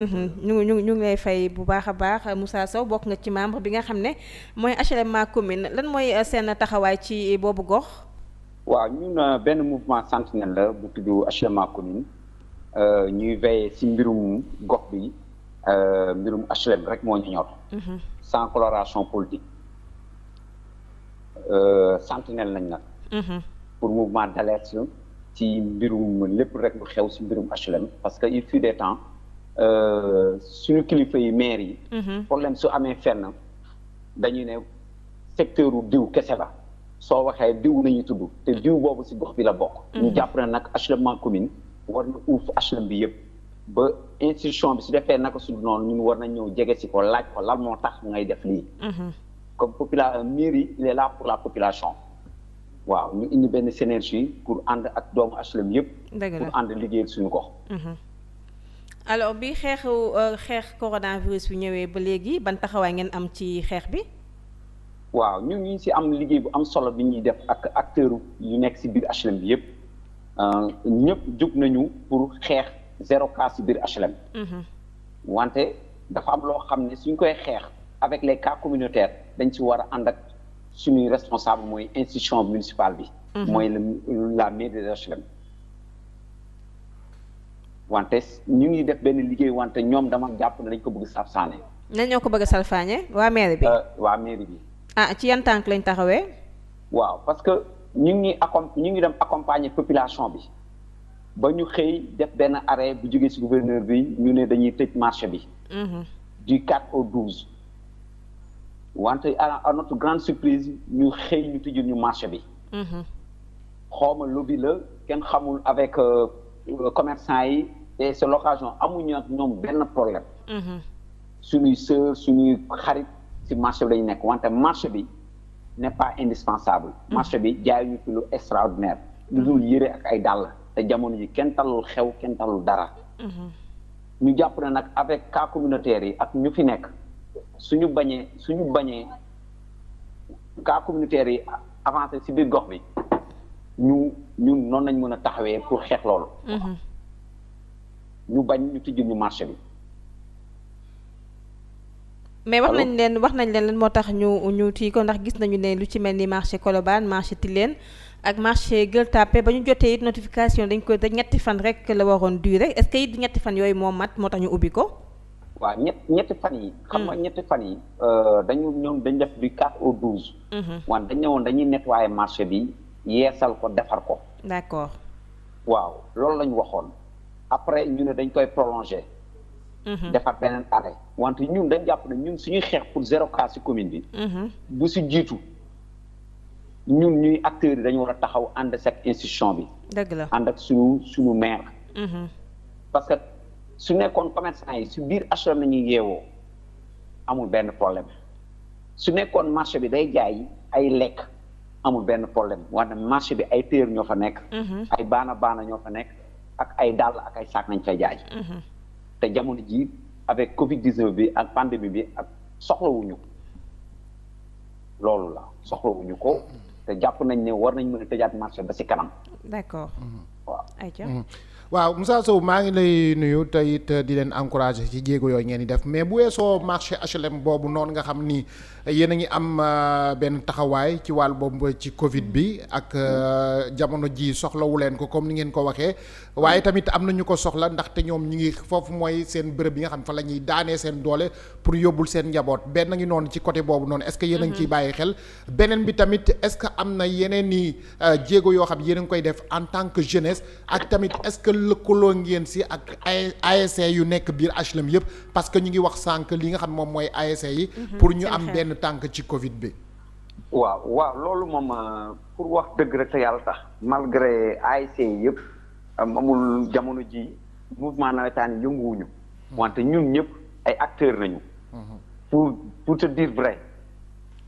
ñu mmh. ñu ñu ngi fay bu baax a baax Moussa Sow bokk nga ci membre bi nga xam ne mooy HLM ma commune lan mooy euh, seen taxawaay ci euh, boobu gox. waaw ñun euh, benn mouvement sentinelle la bu tudd HLM ma commune ñuy veillé ci mbirum gox bi mbirum HLM rek moo ñu ñor. Mmh. sans coloration politique sentinelle lañ nag. Mmh. pour mouvement d'alerte ci mbirum lépp rek lu xew ci mbirum HLM parce que il fut des temps. Euh, suñu kilifa yi maire yi. Mhm. problème su amee fenn dañuy ne secteur u diw kese la soo waxee diw nañu tudd te diw boobu si gox bi la bokk. Mhm. ñu jàpp ne nag HLM commune war na bi yëpp ba institution bi su defee naka su noonu ñun war nañ ñëw jege si ko laaj ko lan moo tax ngay def lii. Mhm. comme population euh, mairie il est là pour la population. waaw ñu indi benn synergie pour ànd ak doomu HLM yëpp. pour ànd liggéey suñu ko alors bi xeexu euh, xeex coronavirus bi ñëwee ba léegi ban taxawaay ngeen am ci xeex bi. waaw ñu ngi si am liggéey bu am solo bi ñuy def ak acteur yu nekk si biir HLM bi yëpp euh, ñëpp jóg nañu pour xeex zéro cas si biir HLM. Mhm. wante dafa am loo xam ne suñ koy xeex avec les cas communautaire dañ si war a ànd ak suñuy responsable mooy institution municipale bi. Mhm. mooy la mairie de HLM. wante ñu ngi def benn liggéey wante ñoom dama jàpp ne dañ ko bëgg salfaañe. nan ñoo ko bëgg a salfaañe waa mairie bi. Euh, waa mairie bi. ah ci yan tànk lañ taxawee. waaw parce que ñu ngi accom ñu ngi dem accompagner population bi ba ñu xëy def benn arrêt bu jógee ci gouverneur bi ñu ne dañuy tëj marché bi. Mm-hmm. du 4 au 12. wante à notre grande surprise ñu xëy ñu tijjul ñu marché bi. Mm-hmm. xawma lobby la kenn xamul avec. Euh, Euh, commerçant yi te c'est l'occasion amuñu ak ñoom benn problème mhm. suñuy sœur suñuy xarit si marché bi lañu nekk wante marché bi n'est pas indispensable mhm. marché bi jaayuñu fi lu extraordinaire lu dul yëre ak ay dàll te jamono ji kenn talul xew kenn talul dara mhm. ñu jàpp ne nag avec cas communautaire yi ak ñu fi nekk suñu bañee suñu bañee cas communautaire yi avancé si biir gox bi ñu ñun noonu lañ mën a taxawee pour xeex loolu. Mhm. ñu bañ ñu tijjul ñu marché bi. mais wax nañ leen wax nañ leen lan moo tax ñu ñu tii ko ndax gis nañu ne lu ci mel ni marché Colobane marché Tilène ak marché Gueule Tapée ba ñu jotee it notification dañ ko da ñetti fan rek la waroon durer est-ce it ñetti fan yooyu moom mat moo tax ñu ubbi ko. waaw ñett ñetti fan yi. xam nga mm. ñetti fan yi. Euh, dañu ñëw dañ def du 4 au 12. Mhm. wan dañ ne woon dañuy nettoyer marché bi yeesal ko defar ko. d'accord waaw loolu lañu waxoon après ñu ne dañ koy prolonger. Mhm. defaat beneen arrêt. wante ñun dañ jàpp na ñun suñuy xeex pour zéro cas ci commune bi. Mhm. bu si jiitu ñun ñuy acteurs yi dañu war a taxaw ànd ak institution bi. dëgg la ànd ak suñu mhm. parce que su nekkoon commerçant yi su biir HLM nañuy yeewoo amul benn problème su nekkoon marché bi day jaay ay lekk. amul benn problème wante marché bi ay téer ñoo fa nekk mhm. ay baana baana ñoo fa nekk ak ay dàll ak ay saak nañ fay jaay mhm. te jamono ji avec covid 19 bi ak pandémie bi ak soxlawuñu loolu la soxlawuñu ko te jàpp nañ ne war nañ mën a tëjaat marché ba ci kanam d'accord waaw waaw Moussa Sow maa ngi lay nuyu te di leen encouragé ci jéego yooyu ngeen di def mais bu weesoo marché HLM boobu noonu nga xam ni yéen a ngi am euh, benn taxawaay ci wàll boobu ci Covid bi ak euh, jamono ji soxlawu leen ko comme ni ngeen ko waxee waaye tamit am na ñu ko soxla ndaxte ñoom ñu ngi foofu mooy seen bërëb yi nga xam ne fa la ñuy daanee seen doole pour yóbbul seen njaboot benn ngi noonu ci côté boobu noonu est ce que yéen a ciy mhm. bàyyi xel beneen bi tamit est ce que am na yeneen i euh, jéego yoo xam yéen a ngi koy def en tant que jeunesse ak tamit lëkkaloo ngeen si ak as yu nekk biir HLM yëpp parce que ñu ngi wax sànq li nga xam moom mooy as yi mhm. Mhm. pour ñu am benn tànk ci Covid bi waaw waaw loolu moom euh, pour wax dëgg rek te yàlla tax malgré ASC yëpp amul jamono ji mouvement nawetaan yënguwuñu mhm. wante ñun ñëpp ay acteurs nañu pour pour te dire vrai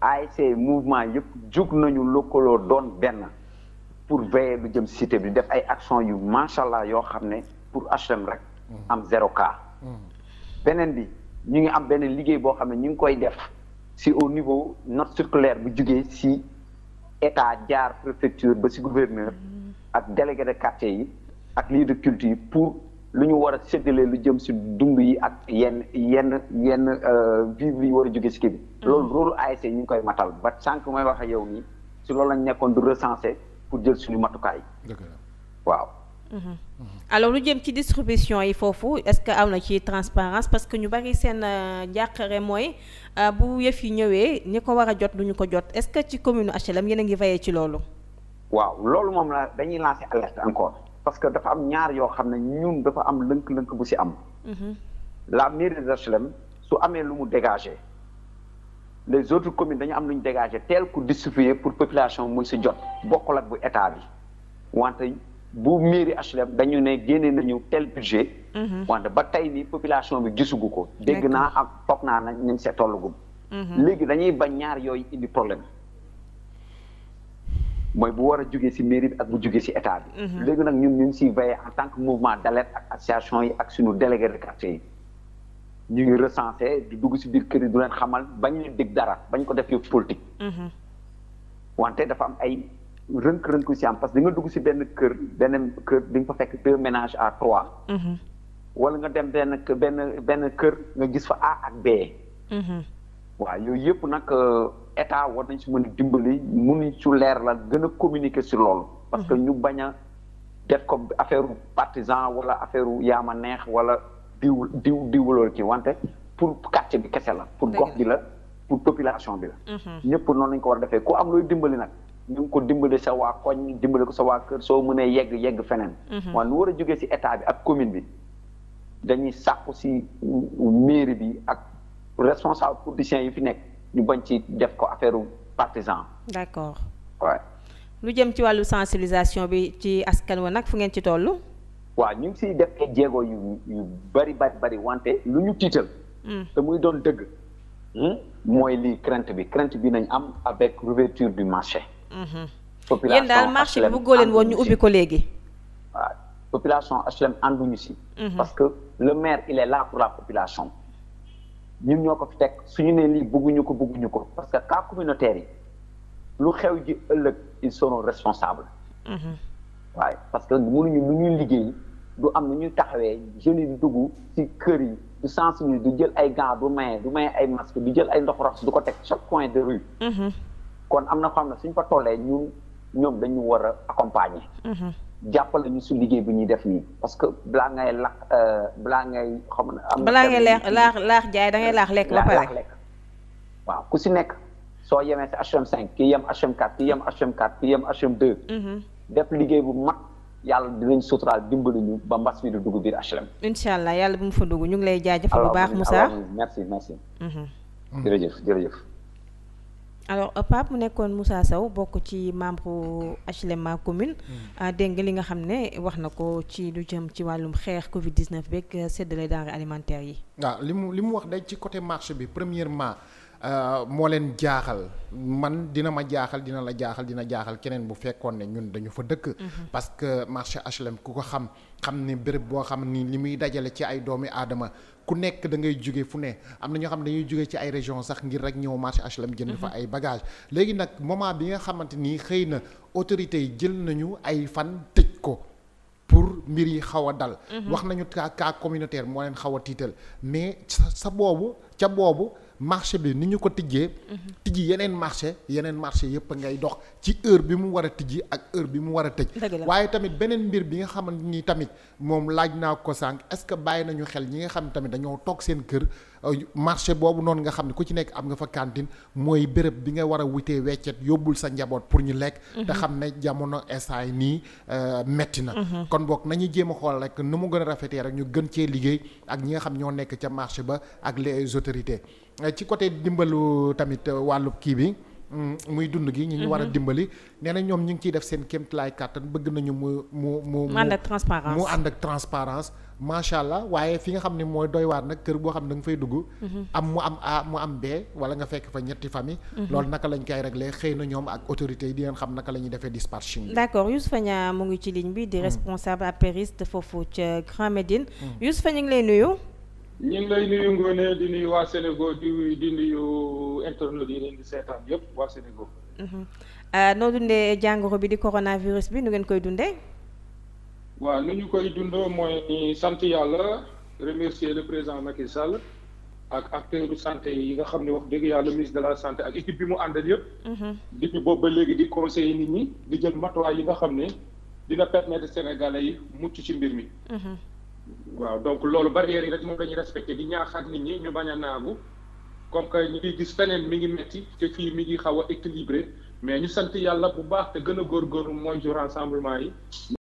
ASC mouvement yëpp jug nañu lëkkaloo doon benn pour veiller lu jëm cité bi def ay action yu macha allah yoo xam ne pour HLM rek mm-hmm. am zéro cas mm-hmm. beneen bi ñu ngi am benn liggéey boo xam ne ñu ngi koy def si au niveau note circulaire bu jugee si état jaar préfecture ba si gouverneur mm-hmm. ak délégué de quartier yi ak lieu de culte yi pour lu ñu war a séddalee lu jëm si dund yi ak yenn yenn yenn euh, vivre yi war a jóge si kii bi loolu rôle ASC e ñu ngi koy matal ba sànq mooy wax ak yow nii si loolu lañ nekkoon du recenser pour jël suñu matukaay. waaw. Mm-hmm. alors lu jëm ci distribution yi foofu est-ce que am na ci transparence parce que ñu bari seen euh, jàqare mooy euh, bu yëf yi ñëwee ñi ko war a jot du ñu ko jot est-ce que ci commune HLM yéen a ngi veillé ci loolu. waaw loolu moom la dañuy lancer alerte encore parce que dafa am ñaar yoo xam ne ñun dafa am lënk-lënk bu ci am. Mm-hmm. la mairie de HLM su amee lu mu dégagé. les autres communes dañu am lu ñu dégagé teel ku distribuer pour population mun si jot bokkul ak bu état bi wante bu mairie HLM dañu ne génne nañu tel budget mhm. wante ba tey ni population bi gisugu ko dégg naa ak toog naa nañ ñu see tollugum mhm. léegi dañuy bañ ñaar yooyu indi problème mooy bu war a jugee si mairie bi ak bu jugee si état bi mhm. léegi nag ñun ñu ngi siy veillé en tant que mouvement d'alerte ak association yi ak suñu délégué de quartier yi ñu ngi recensé du dugg si biir kër yi du leen xamal bañ leen dig dara bañ ko def yëpp politique. Mm-hmm. wante dafa am ay rënk-rënk yu si am parce que di nga si benn kër benn di nga fa fekk deux ménages à trois. Mm-hmm. wala nga dem benn benn benn kër nga gis fa A ak B. Mm-hmm. waaw yooyu yëpp nag euh, état war nañ si mën a dimbali mënuñ su leer la gën a communiquer sur loolu. parce que ñu bañ a def ko affaire partisan wala affaire yaama neex wala. diw diw diwuloo ci wante pour quartier bi kese la pour gox bi la pour population bi la mhm. ñëpp noonu lañ ko war a defee ku am looy dimbali nag ñu ngi ko dimbali sa waa koñ dimbali ko sa waa kër soo mënee yegg yegg feneen mhm. waaye lu war a jógee si état bi ak commune bi dañuy sàkku si mairie bi ak responsable politicien yi fi nekk ñu bañ ci def ko affaire partisan d'accord waaye lu jëm ci wàllu sensibilisation bi ci askan wa nag fu ngeen ci toll waaw ñu ngi siy def ay jéego yu yu bari bari bari wante lu ñu tiital. Mm. te muy doon dëgg. Hmm? mooy lii crante bi crainte bi nañ am avec l'ouverture du marché. Mm-hmm. population yéen daal marché bi bëggoo leen woon ñu ubbi ko léegi. waaw population HLM ànduñu si. Mm-hmm. parce que le maire il est là pour la population. ñun ñoo ko fi teg suñu nee lii bugguñu ko bugguñu ko parce que cas communautaire yi lu xew ji ëllëg ils seront responsables. Mm-hmm. waaye parce que mënuñu lu ñuy liggéey du am lu ñuy taxawee jeunes yi dugg ci kër yi du sensibiliser du jël ay gants du maye du maye ay masque du jël ay ndox rox du ko teg chaque coin de rue. Mm-hmm. kon am na xam ne suñ fa tollee ñun ñoom dañu war a accompagner. Mm-hmm. jàppale ñu su liggéey bu ñuy def nii parce que balaa ngay laax euh, balaa ngay. xam na am na balaa ngay laax laax jaay da ngay laax lekk ba pare lekk waaw ku si nekk soo yemee si HM5 kii yem HM4 kii yem HM4 mm-hmm. def liggéey bu mag yàlla dinañ suturaal dimbali ñu ba mbas mi du dugg biir HLM. incha allah yàlla bu mu fa dugg ñu ngi lay jaajëfal bu baax Moussa merci merci. Mhm. jërëjëf alors euh, Pape mu nekkoon Moussa saw bokk ci membre HLM commune. Mm. Ah, dégg nga li nga xam ne wax na ko ci lu jëm ci wàllum xeex Covid 19 beeg euh, séddale denrées alimentaires yi. waaw ah, li mu li mu wax day ci côté marché bi premièrement. Euh, moo leen jaaxal man dina ma jaaxal dina la jaaxal dina jaaxal keneen bu fekkoon ne ñun dañu fa dëkk. Mm-hmm. parce que marché HLM ku ko xam xam ne béréb boo xam ni li muy dajale ci ay doomi aadama ku nekk da ngay jóge fu ne am na ñoo xam ne dañuy jóge ci ay région sax ngir rek ñëw marché HLM. jënd fa mm-hmm. ay bagage léegi nag moment bi nga xamante nii xëy na autorité yi jël nañu ay fan tëj ko. pour mbir yi xaw a dal. Mm-hmm. wax nañu kaa cas communautaire moo leen xaw a tiital mais sa boobu ca boobu. marché bi ni ñu ko tijjee. tijji yeneen marché yeneen marché yëpp ngay dox ci heure bi mu war a tijji ak heure bi mu war a tëj. waaye tamit beneen mbir bi nga xamante ni tamit moom laaj naa ko sànq est-ce que bàyyi nañu xel ñi nga xam tamit dañoo toog seen kër marché boobu noonu nga xam ne ku ci nekk am nga fa cantine mooy bërëb bi nga war wutee weccet yóbbul sa njaboot pour ñu lekk. te mhm. xam ne jamono instant nii euh, metti na. Mhm. kon boog nañu jéem a xool rek nu mu gën a rafetee rek ñu gën cee liggéey ak ñi nga xam ñoo nekk ca marché ba ak les autorités. Euh, ci côté dimbalu tamit euh, wàllu kii bi mm, muy dund gi ñu ñu war a mhm. dimbali nee na ñoom ñu ngi ciy def seen kéemtalaay kàttan bëgg nañu mu mu mu mu ànd ak transparence mu ànd ak transparence macha allah waaye fi nga xam ne mooy doy waar nag kër boo xam ne da nga fay dugg mhm. am mu am a ah, mu am bee wala nga fekk fa ñetti famille mhm. loolu naka lañ koy réglé xëy na ñoom ak autorités yi di ngeen xam naka la ñuy defee dispatching d'accord Youssoufa Niang mu ngi ci ligne bi di responsable apériste foofu ca Grand Médine Youssoufa ñu ngi lay nuyu ñu ngi lay nuyu Ngoné di nuyu waa Sénégal di di nuyu internautes yi leen di seetaan yëpp waa Sénégal. Mhm. Euh, noo dundee jàngoro bi di coronavirus bi nu ngeen koy dundee. waaw nu ñu koy dundoo mooy sant yàlla remercier le président Macky Sall ak acteur de santé yi nga xam ni wax dëgg yàlla ministre de la santé ak équipe bi mu àndal yëpp. Mhm. depuis boobu léegi di conseiller nit ñi di jël matuwaay yi nga xam ni dina permetre Sénégalais yi mucc ci mbir mi. Mhm. waaw donc loolu barrières yi rek moom la ñuy respecté di ñaaxaat nit ñi ñu bañ a naagu comme que ñu ngi gis feneen mi ngi metti te fii mi ngi xaw a équilibré mais ñu sant yàlla bu baax te gën a góor góorgóorlu mooy jur rassemblement yi